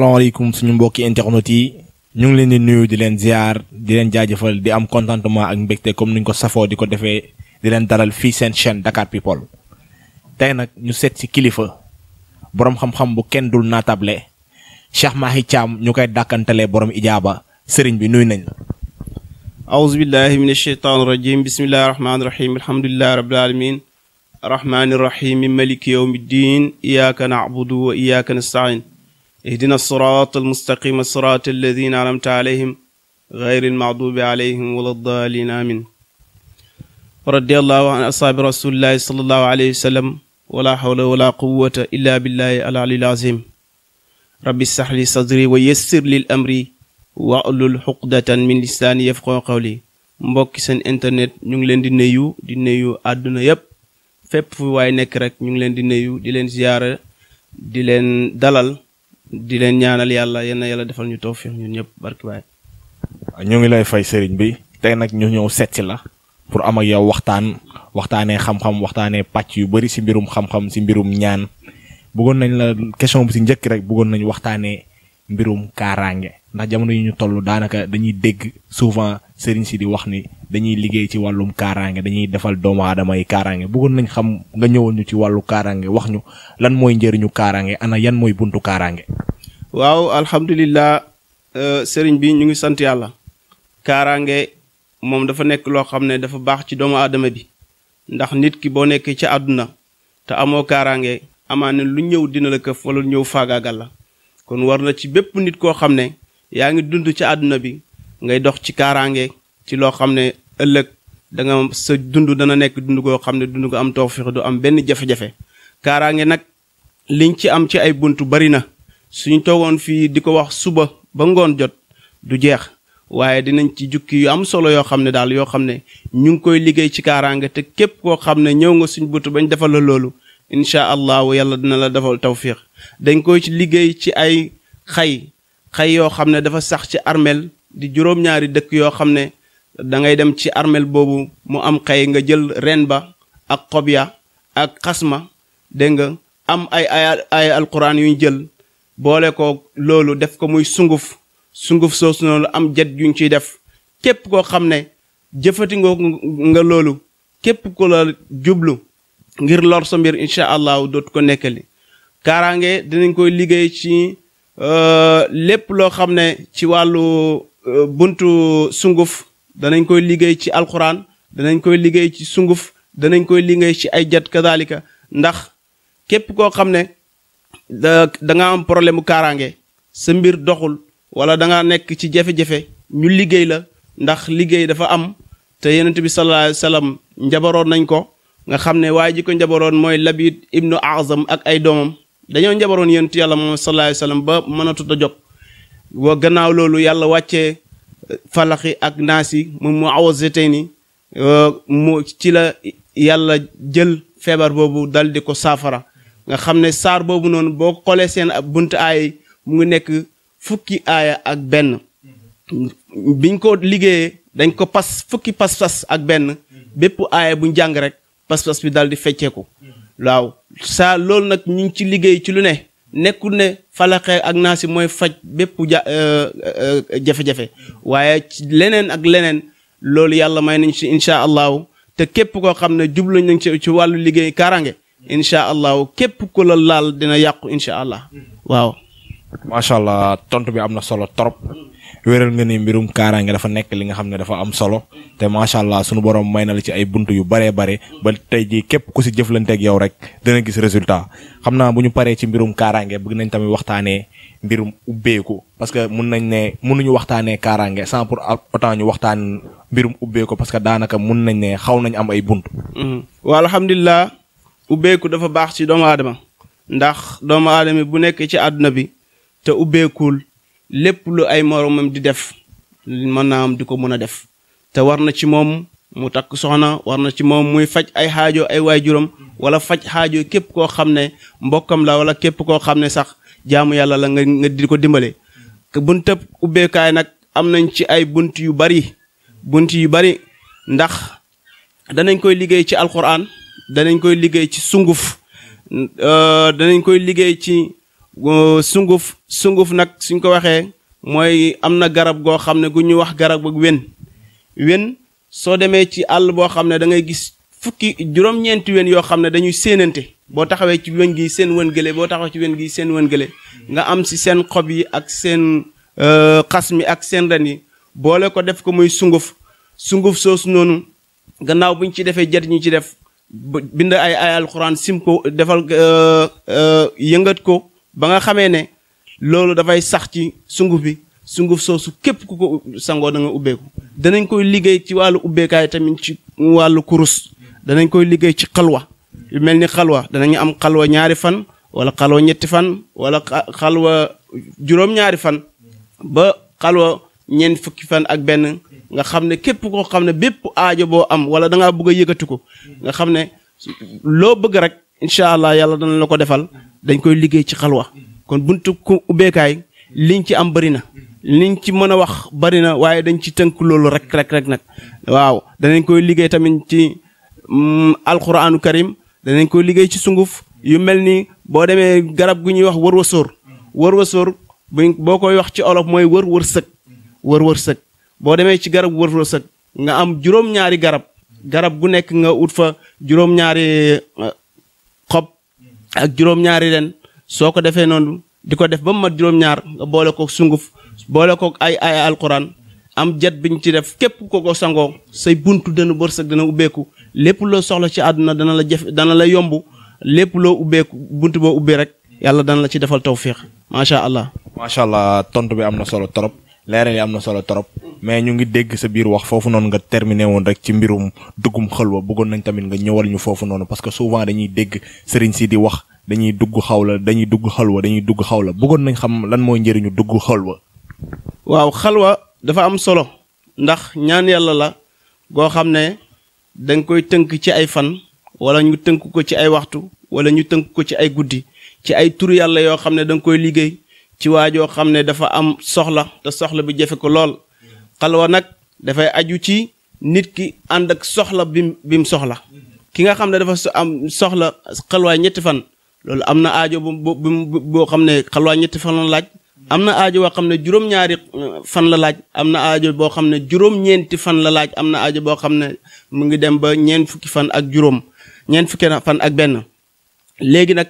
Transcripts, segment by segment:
asalaamaaleykum suñu mbokki internet yi ñu ngi leen di nuyu di leen ziar di leen jaajëfal di am contentement ak mbégte comme niñ ko safoo di ko defee di leen daral fii seen chaîne Dakar People tey nag ñu seet ci kilifa boroom xam-xam bu kenn dul naatable Cheikh Mahi Thiam ñu koy dàkkantalee borom ijaaba sëriñ bi nuyu nañ auzu billahi min asheytaan rajim bismillahi rahmaani rahim alhamdulilahi rabbil alamin rahmaani rahim maliki yawmi ddin iyaaka na'budu wa iyaaka nastain اهدنا الصراط المستقيم صراط الذين أنعمت عليهم غير المغضوب عليهم ولا الضالين آمين رضي الله عن أصحاب رسول الله صلى الله عليه وسلم ولا حول ولا قوة إلا بالله العلي العظيم رب اشرح لي صدري ويسر لي الأمر واحلل عقدة من لساني يفقهوا قولي mbokki seen internet ñu ngi leen di nuyu di nuyu àdduna yépp fépp fu waay nekk rek ñu ngi leen di nuyu di leen ziyaara di leen dalal di leen ñaanal yàlla yenn yàlla defal ñu tawfiix ñun ñëpp barki baay ñu ngi lay fay sëriñ bi tey nag ñu ñëw seet la pour am ak yow waxtaan waxtaanee xam-xam waxtaanee pàcc yu bari si mbirum xam-xam si mbirum ñaan bëggoon nañ la question bi si njëkk rek bëggoon nañu waxtaanee mbirum kaaraange ndax jamono yi ñu toll daanaka dañuy dégg souvent sëriñ si di wax ni dañuy liggéey ci wàllum kaaraange dañuy defal doomu aadama yi kaaraange bëggoon nañu xam nga ñëwoon ñu ci wàllu kaaraange wax ñu lan mooy njëriñu kaaraange ana yan mooy buntu kaaraange. waaw alhamdulilah euh, sëriñ bi ñu ngi sant yàlla. kaaraange moom dafa nekk loo xam ne dafa baax ci doomu aadama bi ndax nit ki boo nekkee ci àdduna te amoo kaaraange amaane lu ñëw dina la këf wala ñëw faagaagal la kon war na ci bépp nit koo xam ne yaa ngi dund ci àdduna bi. ngay dox ci kaaraange ci loo xam ne ëllëg da sa dund dana nekk dund koo xam ne dund ko am tawfiq du am benn jafe-jafe kaaraange nag liñ ci am ci ay bunt bari na suñu toogoon fii di ko wax suba ba ngoon jot du jeex waaye dinañ ci jukki yu am solo yoo xam ne daal yoo xam ne ñu ngi koy liggéey ci kaaraange te képp koo xam ne ñëw nga suñ bunt bañ defal la loolu incha allahu yàlla dina la defal tawfiq dañ koy ci liggéey ci ay xay xay yoo xam ne dafa sax ci armel di juróom-ñaari dëkk yoo xam ne da ngay dem ci armel boobu mu am xëy nga jël ren ba ak xob ya ak xasma dégg nga am ay ay ay alquran yu jël boole ko loolu def ko muy sunguf sunguf soosu noonu am jet yuñ ciy def képp koo xam ne jëfati nga loolu képp ku la jublu ngir lor sa mbir incha allahu dootu ko nekkali kaaraange dinañ koy liggéey ci euh, lépp loo xam ne ci wàllu buntu sunguf danañ koy liggéey ci alxuraan danañ koy liggéey ci sunguf danañ koy liggéey ci ay jat kadalika ndax képp koo xam ne da nga am problème mu kaaraange sa mbir doxul wala da nekk ci jafe-jafe ñu liggéey la ndax liggéey dafa am te yonent bi sallallahu alayhi njabaroon nañ ko nga xam ne waaye ji ko njabaroon mooy Labid ibnu Azam ak ay doomam dañoo njabaroon yonent yàlla moom sallallahu alayhi ba mënatut a jóg wa gannaaw loolu yàlla wàccee eh, falaxi ak naas yi mu mu awasete ni eh, mu ci la yàlla jël feebar boobu dal di ko saafara nga xam ne saar boobu noonu boo xoolee seen ab bunt aay mu ngi nekk fukki aaya ak benn biñ ko liggéeyee dañ ko pas fukki pas-pas ak benn bépp aaya buñ jàng rek pas-pas bi dal di fecceeku waaw saa loolu nag ñu ci liggéey ci lu ne nekkul ne falaxee ak naa si mooy faj bépp ja euh, euh, euh, jafe-jafe waaye ci leneen ak leneen loolu yàlla may nañ si incha allahu te képp koo xam ne jublu nañ ci ci wàllu liggéey kaaraange incha allahu képp ku la laal dina yàqu incha allah mm-hmm. waaw. macha allah tontu bi am na solo trop wéral nga ni mbirum kaaraange dafa nekk li nga xam ne dafa am solo te macha allah sunu borom may na la ci ay buntu yu baree bare ba tey jii képp ku si jëflanteeg yow rek dana gis résultat xam naa bu ñu paree ci mbirum kaaraange bëgg nañ tamit waxtaanee mbirum ubbeeku parce que mun nañ ne mënuñu waxtaanee kaaraange sans pour autant ñu waxtaan mbirum ubbeeku parce que daanaka mun nañ ne xaw nañ am ay bunt. Mm-hmm. waaw alhamdulilah ubbeeku dafa baax ci doomu aadama ndax doomu aadama bu nekk ci àdduna bi. te ubbeekul lépp lu ay moromam di def mën naa di ko mën a def te war na ci moom mu takk soxna war na ci moom muy faj ay xaajo ay waajuram wala faj xaajo képp koo xam ne mbokkam la wala képp koo xam ne sax jaamu yàlla la nga nga di ko dimbale buntab ubbeekaay nag am nañ ci ay bunt yu bari bunt yu bari ndax danañ koy liggéey ci alxuraan danañ koy liggéey ci sunguf euh, danañ koy liggéey ci Euh, sunguf sunguf nag suñ ko waxee mooy am na garab goo xam ne gu ñuy wax garab ak wen wen soo demee ci àll boo xam ne da ngay gis fukki juróom-ñeenti wen yoo xam ne dañuy séenante boo taxawee ci wen gi seen wen gële boo taxawee ci wen gi seen wen gële nga am si seen xob yi ak seen euh, xas mi ak seen ren yi boole ko def ko muy sunguf sunguf soosu noonu gannaaw bu ñu ci defee jet ñu ci def bind ay ay alxuraan sim ko defal euh, yëngat ko ba nga xamee ne loolu dafay sax ci sunguf bi sunguf soosu képp ku ko sangoo da nga ubbeeku danañ koy liggéey ci wàllu ubbeekaay tamit ci wàllu kurus danañ koy liggéey ci xalwa yu mel ni xalwa danañu am xalwa ñaari fan wala xalwa ñetti fan wala xalwa juróom-ñaari fan ba xalwa ñeent fukki fan ak benn nga xam ne képp koo xam ne bépp aajo boo am wala da ngaa bëgg a yëkkati ko nga xam ne loo bëgg rek incha allah yàlla dana la ko defal dañ koy liggéey ci xalwa kon buntu ku ubbeekaay liñ ci am bari na liñ ci mën a wax bari na waaye dañ ci tënk loolu rek rek rek nag waaw danañ koy liggéey tamit ci mm, alquraanu karim danañ koy liggéey ci sunguf yu mel ni boo demee garab gu ñuy wax wër wasóor wër wasóor boo koy wax ci olof mooy wër wër sëg wër wër sëg boo demee ci garab wër wër nga am juróom-ñaari garab garab gu nekk nga ut fa juróom-ñaari ak juróom-ñaari ren soo ko defee noonu di ko def ba mu mat juróom-ñaar nga boole kook sunguf boole kook ay ay alquran am jet biñ ci def képp ko ko sangoo say buntu dana bërsëg dana ubbeeku lépp loo soxla ci àdduna dana la jef dana la yomb lépp loo ubbeeku bunt boo ubbi rek yàlla dana la ci defal tawfiq macha allah. macha allah tontu bi am na solo trop. leeral yi am na solo trop mais ñu ngi dégg sa biir wax foofu noonu nga terminé woon rek ci mbirum duggum xalwa bëggoon nañ tamit nga ñëwal ñu foofu noonu parce que souvent dañuy dégg sëriñ si di wax dañuy dugg xaw la dañuy dugg xalwa dañuy dugg xawla bëggoon nañ xam lan mooy njariñu dugg xalwa. waaw xalwa dafa am solo ndax ñaan yàlla la goo xam ne dañ koy tënk ci ay fan wala ñu tënk ko ci ay waxtu wala ñu tënk ko ci ay guddi ci ay turu yàlla yoo xam ne danga koy liggéey. ci waajoo xam ne dafa am soxla te soxla bi jafe ko lool xalwa nag dafay aju ci nit ki ànd ak soxla bi bim soxla ki nga xam ne dafa soxla xalwaay ñetti fan loolu am na aajo bu boo xam ne xalwaay ñetti fan laaj am na aajo boo xam ne juróom uh, fan la laaj am na aajo boo xam ne juróom-ñeenti fan la laaj am na ajo boo xam ne mu ngi dem ba ñeent fukki fan ak juróom ñeent fukki fan ak benn léegi nag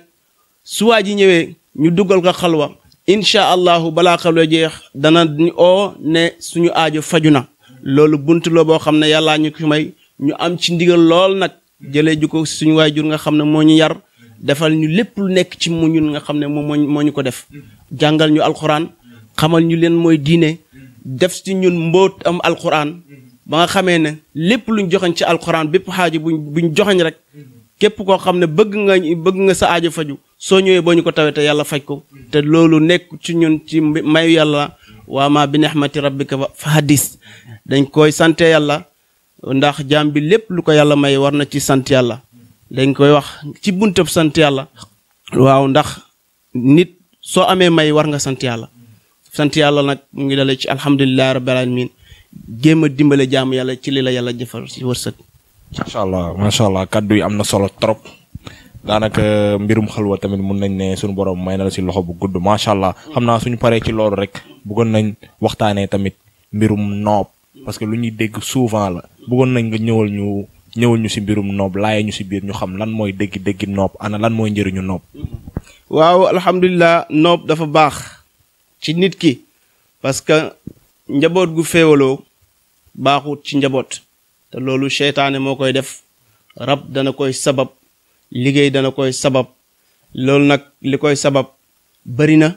su waa ji ñëwee ñu dugal ko xalwa incha allahu balaa xaloo jeex dana ñu oo ne suñu aajo faju na loolu bunt la boo xam ne yàlla ñu ko may ñu am ci ndigal lool nag jëlee ju ko suñu waajur nga xam ne moo ñu yar defal ñu lépp lu nekk ci mu ñun nga xam ne moom moo ñu ko def jàngal ñu alxuraan xamal ñu leen mooy diine def ci ñun mbóot am alxuraan ba nga xamee ne lépp lu luñ joxañ ci alxuraan bépp xaajo buñ buñ joxañ rek képp koo xam ne bëgg nga nga sa aajo faju soo ñëwee boo ñu ko tawee te yàlla faj ko te loolu nekk ci ñun ci mayu yàlla waa maa bi nexmati rabbika fa hadis dañ koy sante yàlla ndax jaam bi lépp lu ko yàlla may war na ci sant yàlla dañ koy wax ci buntab sant yàlla waaw ndax nit soo amee may war nga sant yàlla sant yàlla nag mu ngi dale ci alhamdulilahi rabbil alamin géem a dimbale jaamu yàlla ci li la yàlla jëfal ci wërsëg macha allah macha kàddu yi am na solo trop daanaka mbirum xalwa tamit mun nañ ne sunu borom may na la si loxo bu gudd macha allah xam naa suñu paree ci loolu rek bëggoon nañ waxtaanee tamit mbirum noob parce que lu ñuy dégg souvent la bëggoon nañ nga ñëwal ñu ñëwal ñu si mbirum noob laaya ñu si biir ñu xam lan mooy dégg-déggi noob ana lan mooy njariñu noob. waaw alhamdulilah noob dafa baax ci nit ki parce que njaboot gu féewaloo baaxut ci njaboot te loolu seytaane moo koy def rab dana koy sabab. liggéey dana koy sabab loolu nag li koy sabab bari na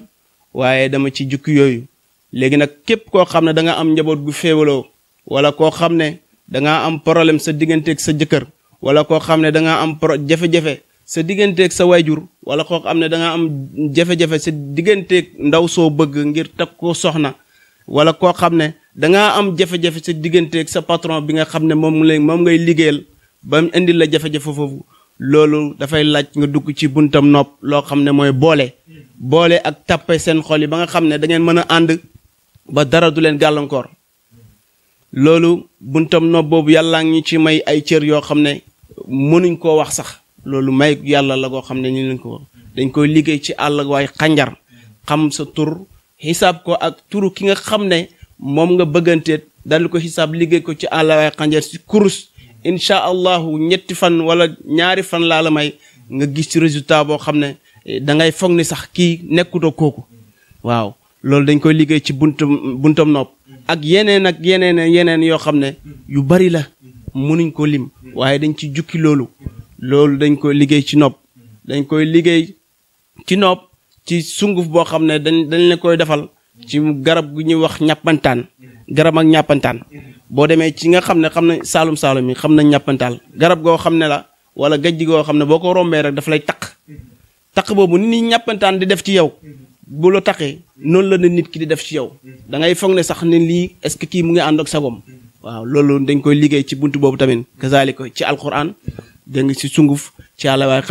waaye dama ci jukki yooyu léegi nag képp koo xam ne da nga am njaboot gu féewaloo wala koo xam ne da nga am problème sa digganteeg sa jëkkër wala koo xam ne da nga am pro jafe-jafe sa digganteeg sa wayjur wala koo xam ne danga am jafe-jafe sa digganteeg ndaw soo bëgg ngir takk ko soxna wala koo xam ne da nga am jafe-jafe sa digganteeg sa patron bi nga xam ne moom lay moom ngay liggéeyal ba mu indi la jafe-jafe foofu loolu dafay laaj nga dugg ci buntam nopp loo xam ne mooy boole boole ak tàppe seen xol yi ba nga xam ne dangeen mën a ànd ba dara du leen gàllankoor loolu buntam nopp boobu yàlla ngi ci may ay cër yoo xam ne mënuñ koo wax sax loolu may yàlla la koo xam ne ñu leen ko dañ koy liggéey ci àll waaye xànjar xam sa tur xisaab ko ak turu ki nga xam ne moom nga bëgganteet daldi ko xisaab liggéey ko ci àll waaye xànjar si kurus incha allahu ñetti fan wala ñaari fan laa la may nga gis ci résultat boo xam ne eh, da ngay foog ni sax kii nekkutoo kooku waaw loolu dañ koy liggéey ci buntam buntam nopp ak yeneen ak yeneen yeneen yoo xam ne yu bari la mënuñ ko lim waaye dañ ci jukki loolu loolu dañ koy liggéey ci nopp dañ koy liggéey ci nopp ci sunguf boo xam ne dañ dañ la koy defal ci garab gu ñuy wax ñàppantaan garab ak ñàppantaan boo demee ci nga xam ne xam na saalum saalum yi xam nañ ñàppantaal garab goo xam ne la wala gajj goo xam ne boo ko rombee rek dafa lay taq taq boobu ni ni ñàppantaan di def ci yow bu la taxee noonu la ne nit ki di def ci yow da ngay foog ne sax nit lii est-ce que kii mu ngi ànd ak sagom waaw loolu dañ koy liggéey ci bunt boobu tamit kazaalika ci alquran da nga si sunguf ci àlla waay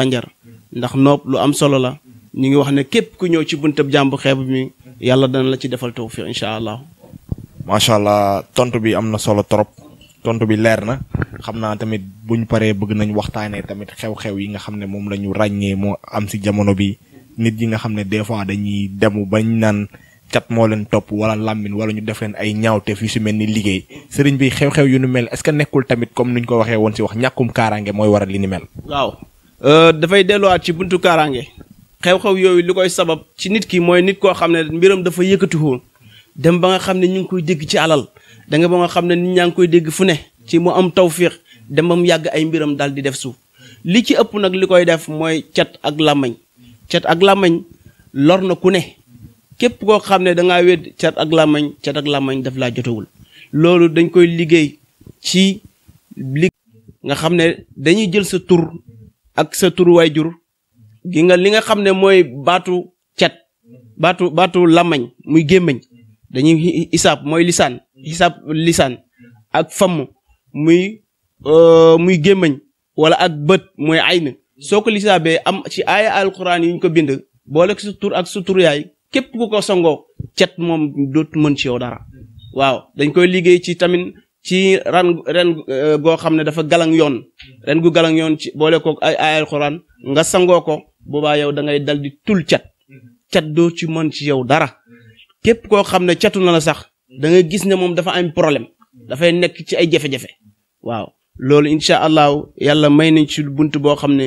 ndax noob lu am solo la ñu ngi wax ne képp ku ñëw ci buntab jàmbu xeeb mi yàlla dana la ci defal tawfiq incha allah macha allah tontu bi am na solo trop tontu bi leer na xam naa tamit bu ñu paree bëgg nañu waxtaanee tamit xew-xew yi nga xam ne moom la ñu ràññee moo am si jamono bi nit ñi nga xam ne des fois dañuy demu bañ naan cat moo leen topp wala làmmin wala ñu def leen ay ñaawteef yu si mel ni liggéey sëriñ bi xew-xew yu nu mel est-ce que nekkul tamit comme ni ñu ko waxee woon ci wax ñàkkum kaaraange mooy waral li ni mel. waaw euh, dafay delluwaat ci buntu kaaraange. xew-xew yooyu li koy sabab ci nit ki mooy nit koo xam ne mbiram dafa yëkkatiwoon dem ba nga xam ne ñu ngi koy dégg ci alal da nga ba nga xam ne nit ñaa ngi koy dégg fu ne ci mu am tawfiix dem ba mu yàgg ay mbiram daal di def suuf li ci ëpp nag li koy def mooy cet ak làmmañ cet ak làmmañ lor na ku ne képp koo xam ne dangaa wéet cet làmmañ cet làmmañ daf laa jotewul loolu dañ koy liggéey ci li nga xam ne dañuy jël sa tur ak sa tur jur gi nga li nga xam ne mooy baatu cet baatu baatu làmmañ muy gémmiñ dañuy xisaab mooy lisaan xisaab lisaan ak famm muy euh, muy gémmañ wala ak bët mooy ay na soo ko lisaabee am ci aaya alquran yi ñu ko bind boole sa tur ak sa tur yaay képp ku ko sangoo cet moom dootu mën ci yow dara waaw dañ koy liggéey ci tamit ci ran ren euh, goo xam ne dafa galang yoon ren gu galang yoon ci boole ko ay aaya alquran nga sangoo ko boobaa yow dangay ngay dal di tul cet cet doo ci mën ci yow dara képp koo xam ne catu na la sax da nga gis ne moom dafa am problème dafay nekk ci ay jafe-jafe waaw loolu incha allahu yàlla may nañ ci bunt boo xam ne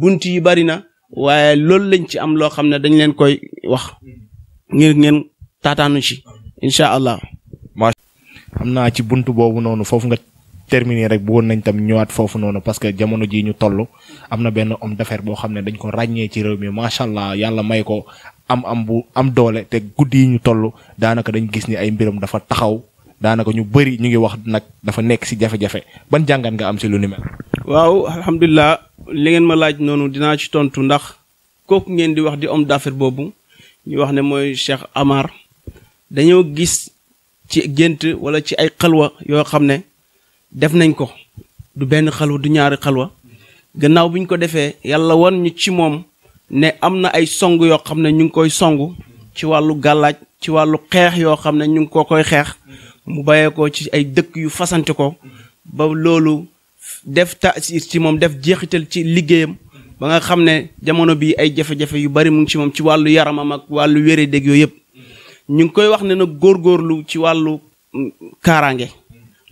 bunt yi bari na waaye loolu lañ ci am loo xam ne dañ leen koy wax ngir ngeen taataanu ci incha allah. xam naa ci bunt boobu noonu foofu nga terminer rek bëggoon nañ tam ñëwaat foofu noonu parce que jamono jii ñu toll am na benn homme d'affaires boo xam ne dañ ko ràññee ci réew mi macha allah yàlla may ko am am bu am doole te guddi yi ñu toll daanaka dañ gis ni ay mbiram dafa taxaw daanaka ñu bëri ñu ngi wax nag dafa nekk si jafe-jafe ban jàngat nga am si lu ni mel. waaw alhamdulilah li ngeen ma laaj noonu dinaa ci tontu ndax kooku ngeen di wax di homme d'affaires boobu ñu wax ne mooy Cheikh Amar dañoo gis ci gént wala ci ay xalwa yoo xam ne def nañ ko du benn xalwa du ñaari xalwa gannaaw bi ñu ko defee yàlla wan ñu ci moom. ne am na ay song yoo xam ne ñu ngi koy song ci wàllu gàllaaj ci wàllu xeex yoo xam ne ñu ngi ko koy xeex mu bàyyee ko ci ay dëkk yu fasante ko ba loolu def taasir ci moom def jeexital ci liggéeyam ba nga xam ne jamono bi ay jafe-jafe yu bari mu ngi ci moom ci wàllu yaramam ak wàllu wére dég yooyu yëpp ñu ngi koy wax ne na góor góorlu ci wàllu mm, kaaraange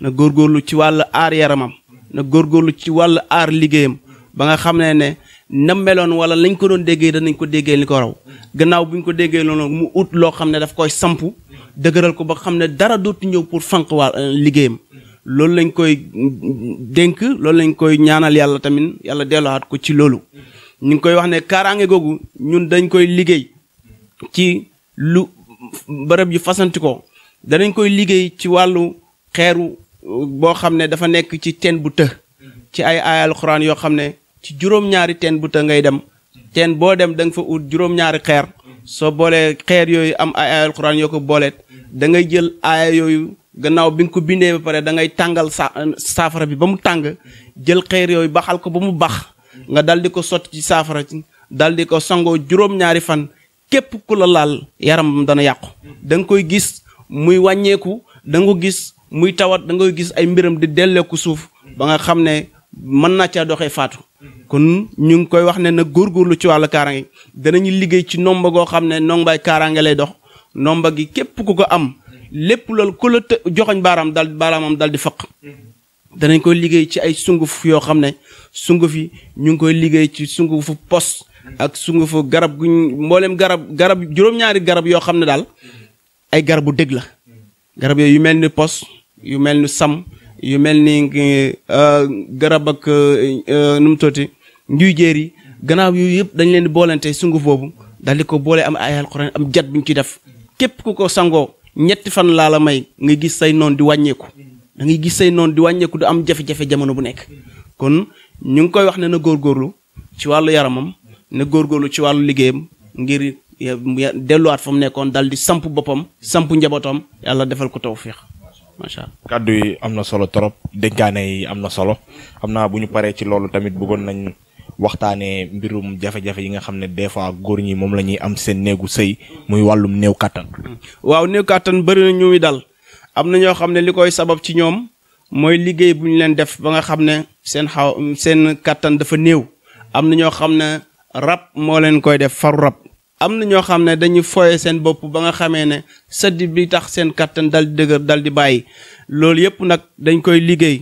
na góor góorlu ci wàllu aar yaramam na góorgóorlu ci wàllu aar liggéeyam ba nga xam ne ne nam meloon wala lañ ko doon déggee danañ ko déggee ni ko raw gannaaw bu ñu ko déggee loolu mu ut loo xam ne daf koy sampu dëgëral ko ba xam ne dara dootu ñëw pour fànq waa euh, liggéeyam loolu lañ koy mm, dénk loolu lañ koy ñaanal yàlla tamit yàlla delluwaat ko ci loolu ñu ngi koy wax ne kaaraange googu ñun dañ koy liggéey ci lu bërëb yu fasantikoo danañ koy liggéey ci wàllu xeeru euh, boo xam ne dafa nekk ci teen bu të ci ay aayal xuraan yoo xam ne ci juróom-ñaari teen bu ta ngay dem teen boo dem da nga fa ut juróom-ñaari xeer soo boolee xeer yooyu am ay aaya alxuraan yoo ko booleet da ngay jël aaya yooyu gannaaw bi nga ko bindee ba pare da ngay tàngal saafara bi ba mu tàng jël xeer yooyu baxal ko ba mu bax nga dal di ko sotti ci saafara ci dal di ko sangoo juróom-ñaari fan képp ku la laal yaramam dana yàqu danga koy gis muy wàññeeku danga ko gis muy tawat da koy gis ay mbiram di delleeku suuf mën naa caa doxee faatu kon ñu ngi koy wax ne na nag lu ci wàllu kaaraange danañu liggéey ci nomba goo xam ne nombaay kaaraange lay dox nomba gi képp ku ko am lépp loolu ku la joxoñ baaraam dal baaraamam dal di faq danañ koy liggéey ci ay sunguf yoo xam ne sunguf yi ñu ngi koy liggéey ci sunguf pos ak sungufu garab guñ mbooleem garab garab juróom-ñaari garab yoo xam ne daal ay garabu dëgg la garab yooyu mel ni pos yu mel ni sam yu mel ni euh, garab ak euh, euh, nu mu tooti njuy yi gannaaw yooyu yëpp dañ leen di boolante sunguf boobu daal ko boole am ay alxuraan am jat buñ ci def képp ku ko sangoo ñetti fan laa la may nga gis say noon di wàññeeku da ngay gis say noon di wàññeeku du am jafe-jafe jamono bu nekk kon ñu ngi koy wax ne na góor góorlu ci wàllu yaramam na góor góorlu ci wàllu liggéeyam ngir delluwaat fa mu nekkoon daal di samp boppam samp njabootam yàlla defal ko tawfiix macha allah kàddu yi am na solo trop dénkaane yi am na solo xam naa bu ñu paree ci loolu tamit bëggoon nañ waxtaanee mbirum jafe-jafe yi nga xam ne des fois góor ñi moom la ñuy am seen néegu sëy muy wàllum néew kàttan waaw néew kàttan bëri na ñu dal am na ñoo xam ne li koy sabab ci ñoom mooy liggéey bu ñu leen def ba nga xam ne seen xaw seen kàttan dafa néew am na ñoo xam ne rab moo leen koy def faru rab am na ñoo xam ne dañuy foye seen bopp ba nga xamee ne sëdd bi tax seen kàttan dal di dëgër dal di bàyyi loolu yëpp nag dañ koy liggéey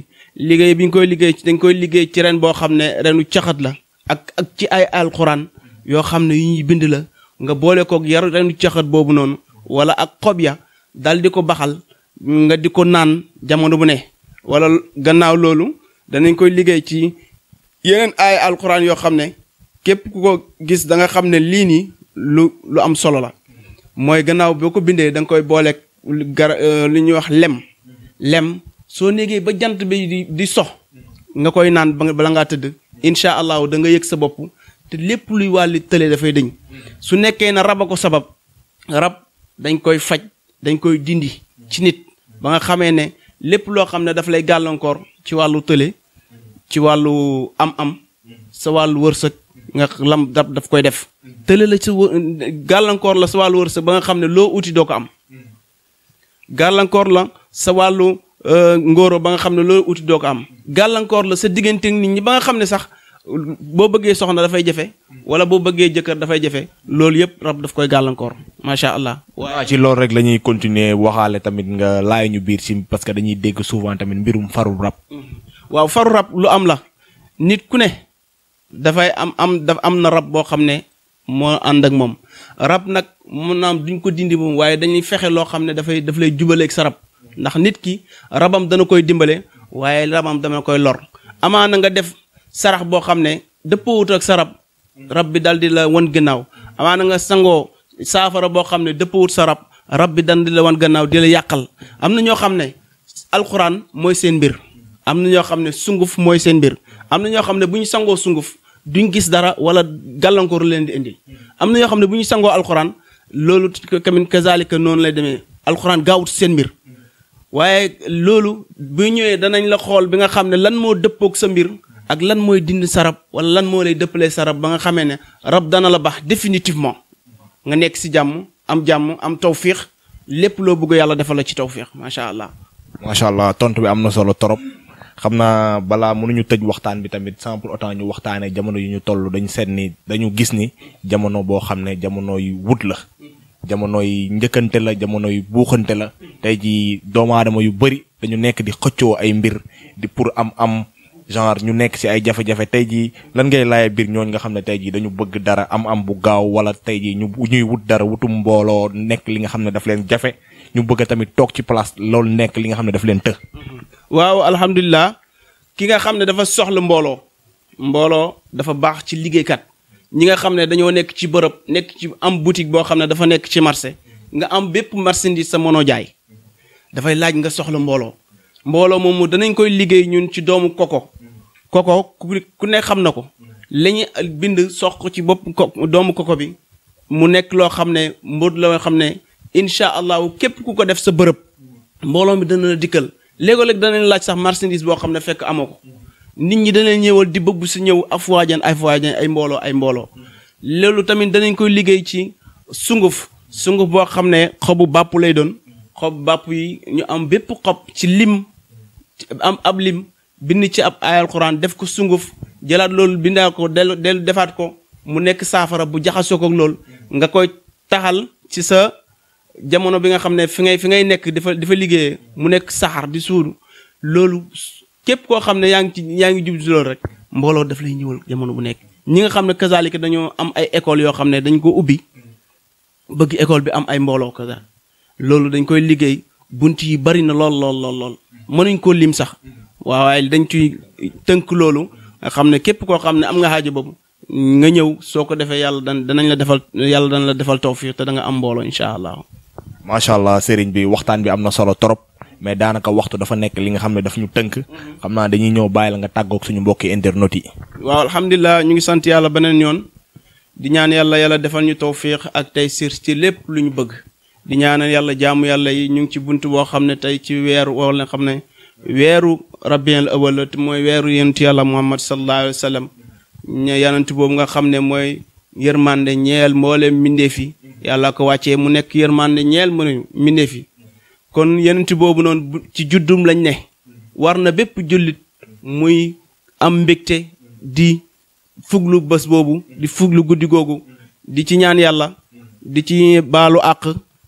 liggéey bi ñu koy liggéey ci dañ koy liggéey ci ren boo xam ne renu caxat la ak ak ci ay alxuraan yoo xam ne yu ñuy bind la nga boole kook yar renu caxat boobu noonu wala ak xob ya dal di ko baxal nga di ko naan jamono bu ne wala gannaaw loolu danañ koy liggéey ci yeneen ay alxuraan yoo xam ne képp ku ko gis da nga xam ne lii nii lu lu am solo la mooy gannaaw boo ko bindee da nga koy booleeg gar euh, lu ñuy wax lem lem soo néegee ba jant bi di di sox nga koy naan bala ngaa tëdd incha allahu da nga yëg sa bopp te lépp luy wàlli tële dafay dëñ su nekkee na rab a ko sabab rab dañ koy faj dañ koy dindi ci nit ba nga xamee ne lépp loo xam ne daf lay gàllankoor ci wàllu tële ci wàllu am-am sa wàllu wërsëg nga lam dab daf koy def tële la sa gàllankoor la sa wàllu wërsëg ba nga xam ne loo uti doo am gàllankoor la sa wàllu euh, ngóoro ba nga xam ne loo uti doo am gàllankoor la sa diggante nit ñi ba nga xam ne sax boo bëggee soxna dafay jafe wala boo bëggee jëkkër dafay jafe loolu yëpp daf koy gàllankoor macha allah. waaw ci loolu rek la ñuy continuer waxaale tamit nga laay ñu biir si parce que dañuy dégg souvent tamit mbirum faru rab. waaw faru rab lu am la nit ku ne. dafay am am dafa am na rab boo xam ne moo ànd ak moom rab nag mun naa am duñ ko dindi moom waaye dañuy fexe loo xam ne dafay daf lay jubaleeg sa rab ndax nit ki rabam dana koy dimbale waaye rabam dana koy lor amaana nga def sarax boo xam ne dëppoowut ak sa rab rab bi dal di la wan gannaaw amaana nga sangoo saafara boo xam ne dëppoowut sa rab rab bi daal di la wan gannaaw di la yàqal am na ñoo xam ne alxuraan mooy seen mbir am na ñoo xam ne sunguf mooy seen mbir am na ñoo xam ne bu ñu sangoo sunguf duñ gis dara wala gàllankoor leen di indi am na ñoo xam ne bu ñu sangoo alxuraan loolu tamit kazalika noonu lay demee alxuraan gaawut seen mbir waaye loolu bu ñëwee danañ la xool bi nga xam ne lan moo dëppook sa mbir ak lan mooy dind sarab wala lan moo lay dëppalee sarab ba nga xamee ne rab dana la baax définitivement nga nekk si jàmm am jàmm am tawfiix lépp loo bugg yàlla defal la ci tawfiix macha allah. macha allah tontu bi am na solo trop. xam naa balaa mënuñu tëj waxtaan bi tamit sans pour ñu waxtaanee jamono yu ñu toll dañu seet ni dañu gis ni jamono boo xam ne jamono yu wut la jamono yi njëkkante la jamono yu buuxante la tey ji doomu aadama yu bëri dañu nekk di xëccoo ay mbir di pour am am genre ñu nekk ci ay jafe-jafe tey jii lan ngay laaya biir ñooñ nga xam ne tey jii dañu bëgg dara am am bu gaaw wala tey jii ñu bu ñuy wut dara wutum mbooloo nekk li nga xam ne daf leen jafe ñu bëgg tamit toog ci place loolu nekk li nga xam ne daf leen të. waaw alhamdulilah ki nga xam ne dafa soxla mbooloo mbooloo dafa baax ci liggéeykat ñi nga xam ne dañoo nekk ci bërëb nekk ci am boutique boo xam ne dafa nekk ci marché nga am bépp marchandise sa mënoo jaay dafay laaj nga soxla mbooloo mbooloo moomu danañ koy liggéey ñun ci doomu koko koko ku ne xam na ko la ñu bind sox ko ci bopp doomu koko bi mu nekk loo xam ne mbóot la xam ne incha allahu képp ku ko def sa bërëb mbooloo mi dana la dikkal léegoo-léeg danañ laaj sax marchandise boo xam ne fekk amoo ko nit ñi danañ ñëwal di bëgg si ñëw afwaajan ay afwaajan ay mbooloo ay mbooloo loolu tamit danañ koy liggéey ci sunguf sunguf boo xam ne xobu bàpp lay doon xobu bàpp yi ñu am bépp xob ci lim am ab lim bind ci ab aayal quran def ko sunguf jëlaat loolu bindaa ko dellu delu defaat ko mu nekk saafara bu jaxasoo ko loolu nga koy taxal ci sa jamono bi nga xam ne fi ngay fi ngay nekk dafa dafa liggéeyee mu nekk saxaar di suudu loolu képp koo xam ne yaa ngi ci yaa ngi jub loolu rek mbooloo daf lay ñëwal jamono bu nekk. ñi nga xam ne kazaalika dañoo am ay école yoo xam ne dañ ko ubbi bëgg école bi am ay mbooloo kazaal loolu dañ koy liggéey bunt yi bari na lool lool lool lool mënuñ koo lim sax waaye dañ ciy tënk loolu nga xam ne képp koo xam ne am nga xaajo boobu nga ñëw soo ko defee yàlla danañ la defal yàlla dana la defal tawfiq te da nga am mbooloo incha allah. macha allah sëriñ bi waxtaan bi am na solo trop mais daanaka waxtu dafa nekk li nga xam ne daf ñu tënk. xam naa dañuy ñëw bàyyi la nga tàggoog suñu mbokki internet yi. waaw alhamdulilah ñu ngi sant yàlla beneen yoon di ñaan yàlla yàlla defal ñu tawfiq ak tey sir ci lépp lu ñu bëgg di ñaanal yàlla jaamu yàlla yi ñu ngi ci bunt boo xam ne tey ci weeru wala xam ne weeru rabiul awwal mooy weeru yenentu yàlla muhammad sallallahu alayhi wa sallam boobu nga xam ne mooy yërmande ñeel mboolem mbindeef yi yàlla ko wàccee mu nekk yërmande ñeel mënuñu mbindeef yi kon yenent boobu noonu ci juddum lañ ne war na bépp jullit muy am mbégte di fuglu bës boobu di fuglu guddi googu di ci ñaan yàlla di ci baalu àq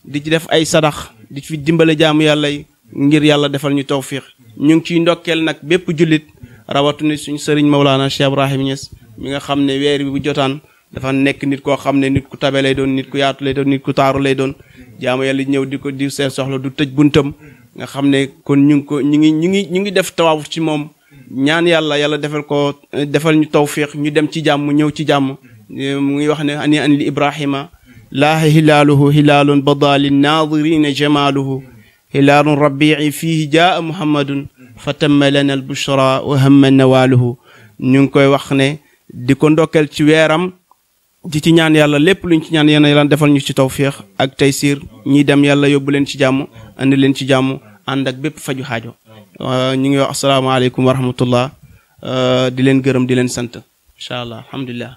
di ci def ay sadax di fi dimbale jaamu yàlla yi ngir yàlla defal ñu tawfiix ñu ngi ciy ndokkeel nag bépp jullit rawatuni suñu sëriñ Mawlaana Cheikh Ibrahim Niass mi nga xam ne weer bi bu jotaan dafa nekk nit koo xam ne nit ku tabe lay doon nit ku yaatu lay doon nit ku taaru lay doon jaamu yàlla ñëw di ko di seen soxla du tëj buntam nga xam ne kon ñu ngi ko ñu ngi ñu ngi ñu ngi def tawaaf ci moom ñaan yàlla yàlla defal ko defal ñu tawfiq ñu dem ci jàmm ñëw ci jàmm mu ngi wax ne ani an li ibrahima laaha hilaaluhu hilaalun bada li naadirina jamaaluhu hilaalun rabii fii jaa muhammadun fa tamma lana al bushra wa hamma ñu ngi koy wax ne di ko ndokkeel ci weeram di ci ñaan yàlla lépp ñu ci ñaan yéen yàlla defal ñu ci tawféex ak taysiir ñiy dem yàlla yóbbu leen ci jàmm andi leen ci jàmm ànd ak bépp faju xaajo ñu ngi wax asalaamaaleykum wa rahmatullah di leen gërëm di leen sant incha allah alhamdulilah